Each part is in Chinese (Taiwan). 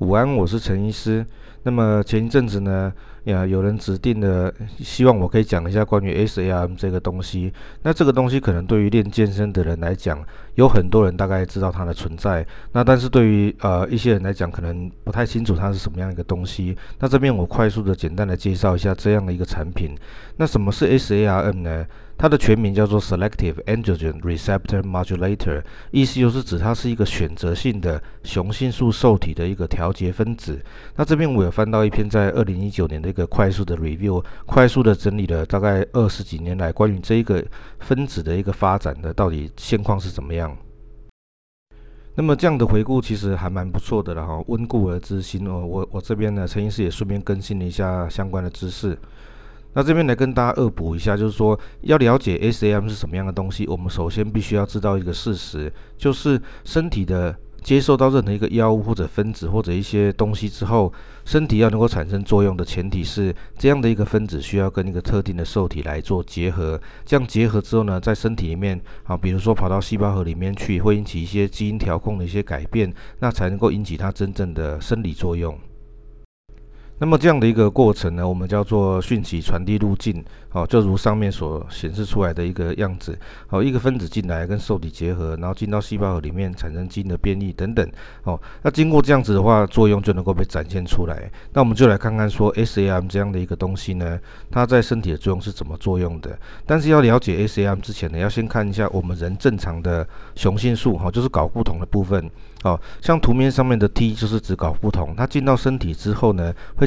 午安，我是陳醫師。那麼前一陣子呢，呀，有人指定的，希望我可以講一下關於 S A R M 這個東西。那這個東西可能對於練健身的人來講，有很多人大概知道它的存在。那但是對於呃一些人來講，可能不太清楚它是什麼樣的一個東西。那這邊我快速的、簡單的介紹一下這樣的一個產品。那什麼是 S A R M 呢？它的全名叫做 Selective Androgen Receptor Modulator，意思就是指它是一個選擇性的雄性素受體的一個調節分子。那這邊我有翻到一篇在二零一九年的一個快速的 review，快速的整理了大概二十幾年來關於這一個分子的一個發展的到底現況是怎麼樣。那麼這樣的回顧其實還蠻不錯的了哈，溫故而知新哦。我我這邊呢，陳醫師也順便更新了一下相關的知識。那這邊來跟大家惡補一下，就是說要了解 SARM 是什麼樣的東西，我們首先必須要知道一個事實，就是身體的接受到任何一個藥物或者分子或者一些東西之後，身體要能夠產生作用的前提是這樣的一個分子需要跟一個特定的受體來做結合，這樣結合之後呢，在身體裡面啊，比如說跑到細胞核裡面去，會引起一些基因調控的一些改變，那才能夠引起它真正的生理作用。那麼這樣的一個過程呢，我們叫做訊息傳遞路徑，好、哦，就如上面所顯示出來的一個樣子，好、哦，一個分子進來跟受體結合，然後進到細胞核裡面產生基因的變異等等，好、哦，那經過這樣子的話，作用就能夠被展現出來。那我們就來看看說 SARM 這樣的一個東西呢，它在身體的作用是怎麼作用的？但是要了解 SARM 之前呢，要先看一下我們人正常的雄性素，哦，就是睾固酮的部分，好、哦，像圖面上面的 T 就是指睾固酮，它進到身體之後呢，會。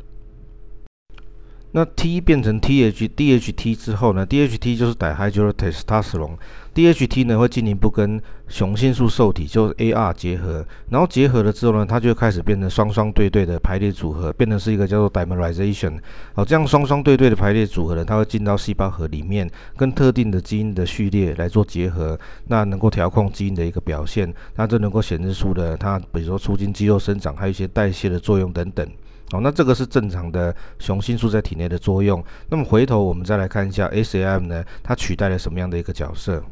那 T 變成 DHT 之後呢？DHT 就是代 hydrotestosterone，DHT 呢會進一步跟雄性素受體，就是 AR 結合，然後結合了之後呢，它就開始變成雙雙對對的排列組合，變成是一個叫做 dimerization。好，這樣雙雙對對的排列組合呢，它會進到細胞核裡面，跟特定的基因的序列來做結合，那能夠調控基因的一個表現，那就能夠顯示出的它，比如說促進肌肉生長，還有一些代謝的作用等等。好、哦，那這個是正常的雄性素在體內的作用。那麼回頭我們再來看一下 SARM 呢，它取代了什麼樣的一個角色？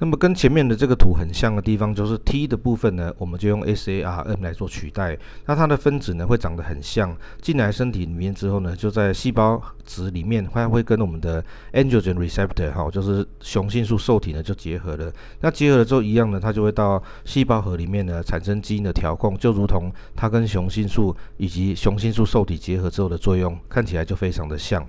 那麼跟前面的這個圖很像的地方，就是 T 的部分呢，我們就用 SARM 來做取代。那它的分子呢會長得很像，進來身體裡面之後呢，就在細胞質裡面，它會跟我們的 Androgen Receptor 哈，就是雄性素受體呢就結合了。那結合了之後一樣呢，它就會到細胞核裡面呢產生基因的調控，就如同它跟雄性素以及雄性素受體結合之後的作用，看起來就非常的像。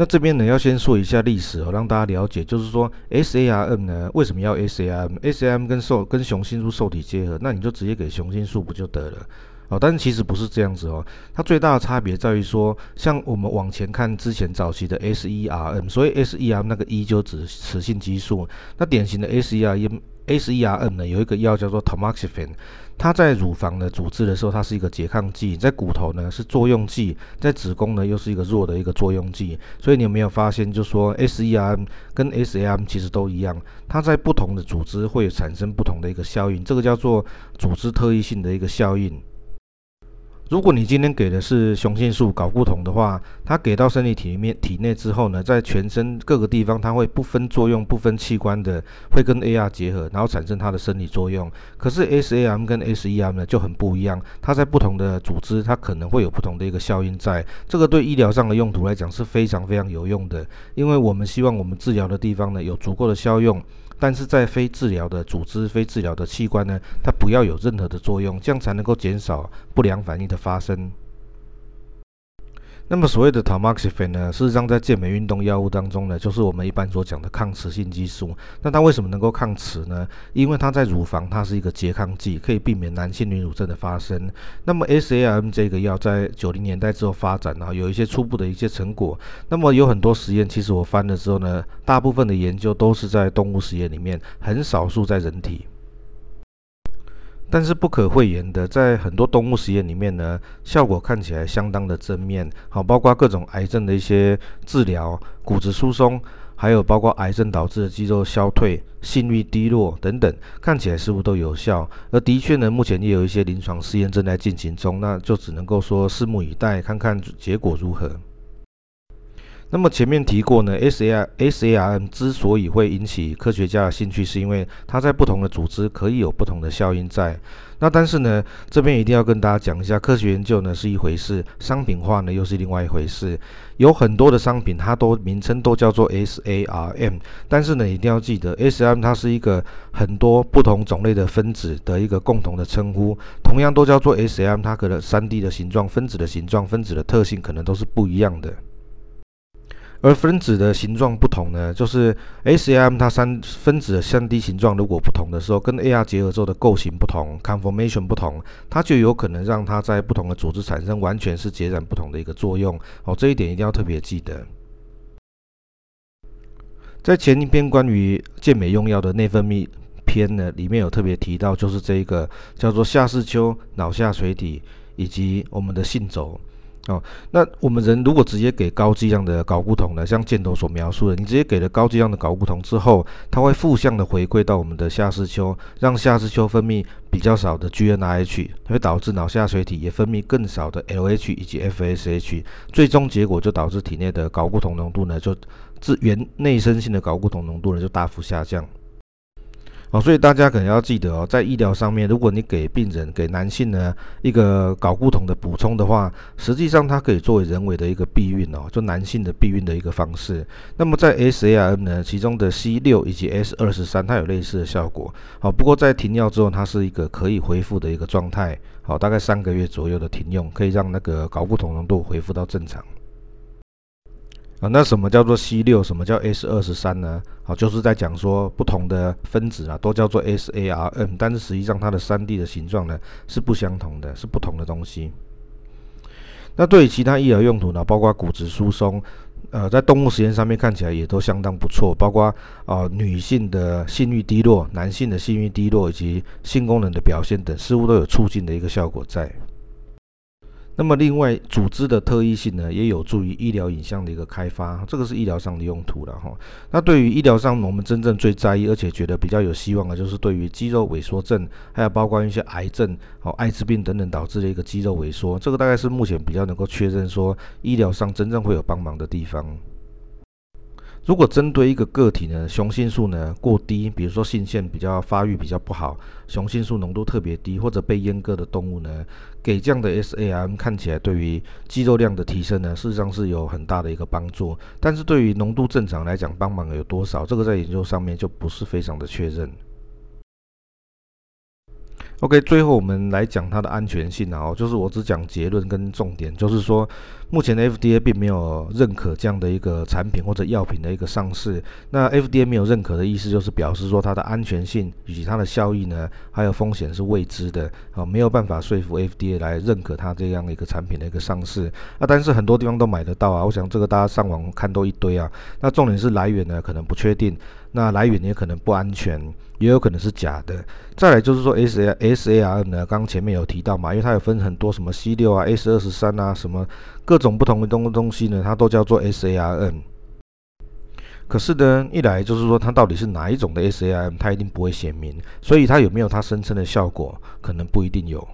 那這邊呢，要先說一下歷史哦，讓大家了解，就是說，SARM 呢為什麼要 SARM？SARM 跟受跟雄性素受體結合，那你就直接給雄性素不就得了？哦，但是其實不是這樣子哦。它最大的差別在於說，像我們往前看之前早期的 S E R M，所以 S E R M 那個 E 就指雌性激素。那典型的 S E R S E R M 呢，有一個藥叫做 Tamoxifen，它在乳房的組織的時候，它是一個拮抗劑；在骨頭呢是作用劑，在子宮呢又是一個弱的一個作用劑。所以你有沒有發現，就說 S E R M 跟 S A R M 其實都一樣，它在不同的組織會產生不同的一個效應，這個叫做組織特異性的一個效應。如果你今天給的是雄性素，睾固酮的話，它給到身體裡面體內之後呢，在全身各個地方，它會不分作用、不分器官的，會跟 AR 結合，然後產生它的生理作用。可是 SARM 跟 SERM 呢就很不一樣，它在不同的組織，它可能會有不同的一個效應在。這個對醫療上的用途來講是非常非常有用的，因為我們希望我們治療的地方呢有足夠的效用。但是在非治療的組織、非治療的器官呢，它不要有任何的作用，這樣才能夠減少不良反應的發生。那麼所謂的 tamoxifen 呢，事實上在健美運動藥物當中呢，就是我們一般所講的抗雌性激素。那它為什麼能夠抗雌呢？因為它在乳房，它是一個拮抗劑，可以避免男性女乳症的發生。那麼 SARM 這個藥在九零年代之後發展呢，然後有一些初步的一些成果。那麼有很多實驗，其實我翻了之後呢，大部分的研究都是在動物實驗裡面，很少數在人體。但是不可諱言的，在很多動物實驗裡面呢，效果看起來相當的正面，好，包括各種癌症的一些治療、骨質疏鬆，還有包括癌症導致的肌肉消退、性慾低落等等，看起來似乎都有效。而的確呢，目前也有一些臨床試驗正在進行中，那就只能夠說拭目以待，看看結果如何。那麼前面提過呢，S A R S A R M 之所以會引起科學家的興趣，是因為它在不同的組織可以有不同的效應在。那但是呢，這邊一定要跟大家講一下，科學研究呢是一回事，商品化呢又是另外一回事。有很多的商品，它都名稱都叫做 S A R M，但是呢一定要記得，S A R M 它是一個很多不同種類的分子的一個共同的稱呼。同樣都叫做 S A R M，它可能三 D 的形狀、分子的形狀、分子的特性可能都是不一樣的。而分子的形狀不同呢，就是 SARM 它，三分子的 3D 形狀如果不同的時候，跟 A R 結合之後的構型不同，conformation 不同，它就有可能讓它在不同的組織產生完全是截然不同的一個作用哦。這一點一定要特別記得。在前一篇關於健美用藥的內分泌篇呢，裡面有特別提到，就是這一個叫做下視丘、腦下垂體以及我們的性軸。哦，那我們人如果直接給高劑量的睾固酮呢，像箭頭所描述的，你直接給了高劑量的睾固酮之後，它會負向的回歸到我們的下視丘，讓下視丘分泌比較少的 GnRH，會導致腦下垂體也分泌更少的 LH 以及 FSH，最終結果就導致體內的睾固酮濃度呢，就自原內生性的睾固酮濃度呢就大幅下降。哦，所以大家可能要記得哦，在醫療上面，如果你給病人給男性呢一個睾固酮的補充的話，實際上它可以作為人為的一個避孕哦，就男性的避孕的一個方式。那麼在 SARM 呢，其中的 C 六以及 S 二十三，它有類似的效果。好、哦，不過在停藥之後，它是一個可以恢復的一個狀態。好、哦，大概三個月左右的停用，可以讓那個睾固酮濃度恢復到正常。啊，那什麼叫做 C 六，什麼叫 S 二十三呢？啊，就是在講說不同的分子啊，都叫做 SARM，但是實際上它的三 D 的形狀呢是不相同的，是不同的東西。那對於其他醫療用途呢，包括骨質疏鬆，呃，在動物實驗上面看起來也都相當不錯，包括啊、呃、女性的性慾低落、男性的性慾低落以及性功能的表現等，似乎都有促進的一個效果在。那麼，另外組織的特異性呢，也有助於醫療影像的一個開發，這個是醫療上的用途了哈。那對於醫療上，我們真正最在意而且覺得比較有希望的，就是對於肌肉萎縮症，還有包括一些癌症、艾滋病等等導致的一個肌肉萎縮，這個大概是目前比較能夠確認說醫療上真正會有幫忙的地方。如果針對一個個體呢，雄性素呢過低，比如說性腺比較發育比較不好，雄性素濃度特別低或者被閹割的動物呢，給這樣的 SARM 看起來對於肌肉量的提升呢，事實上是有很大的一個幫助。但是對於濃度正常來講，幫忙有多少，這個在研究上面就不是非常的確認。OK，最後我們來講它的安全性啊，哦，就是我只講結論跟重點，就是說。目前的 FDA 並沒有認可這樣的一個產品或者藥品的一個上市。那 FDA 沒有認可的意思，就是表示說它的安全性以及它的效益呢，還有風險是未知的啊、哦，沒有辦法說服 FDA 來認可它這樣一個產品的一個上市。啊，但是很多地方都買得到啊，我想這個大家上網看都一堆啊。那重點是來源呢，可能不確定，那來源也可能不安全，也有可能是假的。再來就是說 SARM、SARM 呢，剛剛前面有提到嘛，因為它有分很多什麼 C 六啊、S 二十三啊什麼。各種不同的東東西呢，它都叫做 SARM。可是呢，一來就是說，它到底是哪一種的 SARM，它一定不會寫明，所以它有沒有它聲稱的效果，可能不一定有。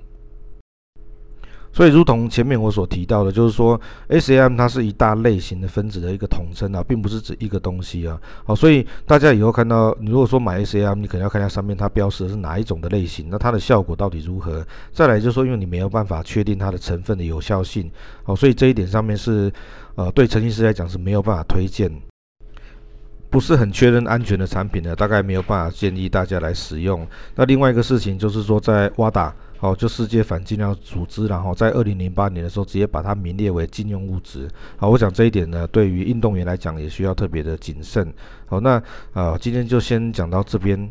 所以，如同前面我所提到的，就是說，SARM 它是一大類型的分子的一個統稱啊，並不是指一個東西啊。好，所以大家以後看到，你如果說買 SARM，你可能要看它上面它標識的是哪一種的類型，那它的效果到底如何？再來就是說，因為你沒有辦法確定它的成分的有效性，好，所以這一點上面是，呃，對陳醫師來講是沒有辦法推薦，不是很確認安全的產品呢，大概沒有辦法建議大家來使用。那另外一個事情就是說，在 WADA。好，就世界反禁藥組織，然後在二零零八年的時候，直接把它名列為禁用物質。好，我想這一點呢，對於運動員來講，也需要特別的謹慎。好，那啊，今天就先講到這邊。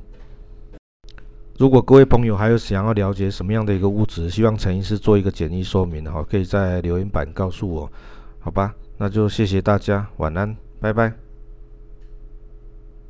如果各位朋友還有想要了解什麼樣的一個物質，希望陳醫師做一個簡易說明，哈，可以在留言板告訴我，好吧？那就謝謝大家，晚安，拜拜。